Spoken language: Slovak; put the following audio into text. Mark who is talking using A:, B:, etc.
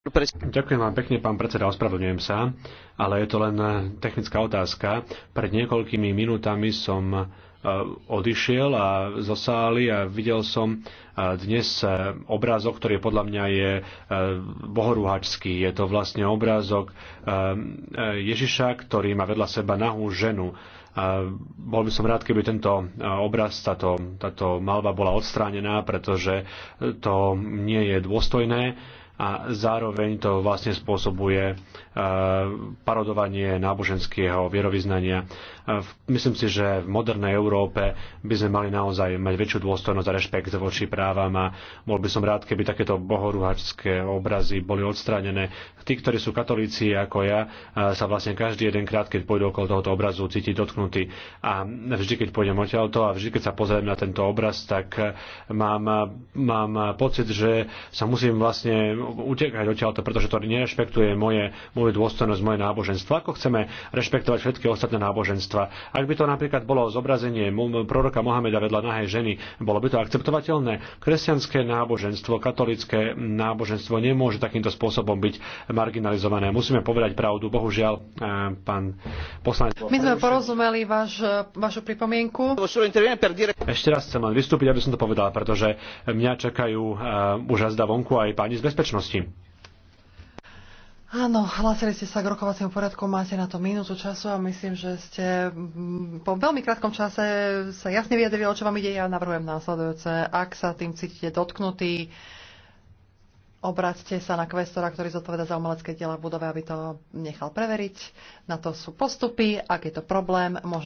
A: Ďakujem vám pekne, pán predseda, ospravedlňujem sa, ale je to len eh, technická otázka. Pred niekoľkými minútami som eh, odišiel a zo sály a videl som eh, dnes obrázok, ktorý podľa mňa je bohorúhačský. Je to vlastne obrázok Ježiša, ktorý má vedľa seba nahú ženu. A bol by som rád, keby tento obraz, táto, táto malba bola odstránená, pretože to nie je dôstojné a zároveň to vlastne spôsobuje e, parodovanie náboženského vierovýznania. E, myslím si, že v modernej Európe by sme mali naozaj mať väčšiu dôstojnosť a rešpekt voči právam a bol by som rád, keby takéto bohorúhačské obrazy boli odstránené. Tí, ktorí sú katolíci ako ja, e, sa vlastne každý jeden krát, keď pôjdu okolo tohoto obrazu, cíti dotknutý a vždy, keď pôjdem odtiaľto a vždy, keď sa pozriem na tento obraz, tak mám, mám pocit, že sa musím vlastne utekať odtiaľto, pretože to nerešpektuje moje, moju dôstojnosť, moje náboženstvo. Ako chceme rešpektovať všetky ostatné náboženstva? Ak by to napríklad bolo zobrazenie proroka Mohameda vedľa nahej ženy, bolo by to akceptovateľné? Kresťanské náboženstvo, katolické náboženstvo nemôže takýmto spôsobom byť marginalizované. Musíme povedať pravdu. Bohužiaľ, eh, pán poslanec. My
B: sme porozumeli váš, vašu pripomienku.
A: Ešte raz chcem len vystúpiť, aby som to povedal, pretože mňa čakajú uh, už vonku aj páni z bezpečnosti spoločnosti.
C: Áno, hlásili ste sa k rokovaciemu poriadku, máte na to minútu času a myslím, že ste po veľmi krátkom čase sa jasne vyjadrili, o čo vám ide. Ja navrhujem následujúce. Ak sa tým cítite dotknutí, obráťte sa na kvestora, ktorý zodpoveda za umelecké diela v budove, aby to nechal preveriť. Na to sú postupy. Ak je to problém, možno.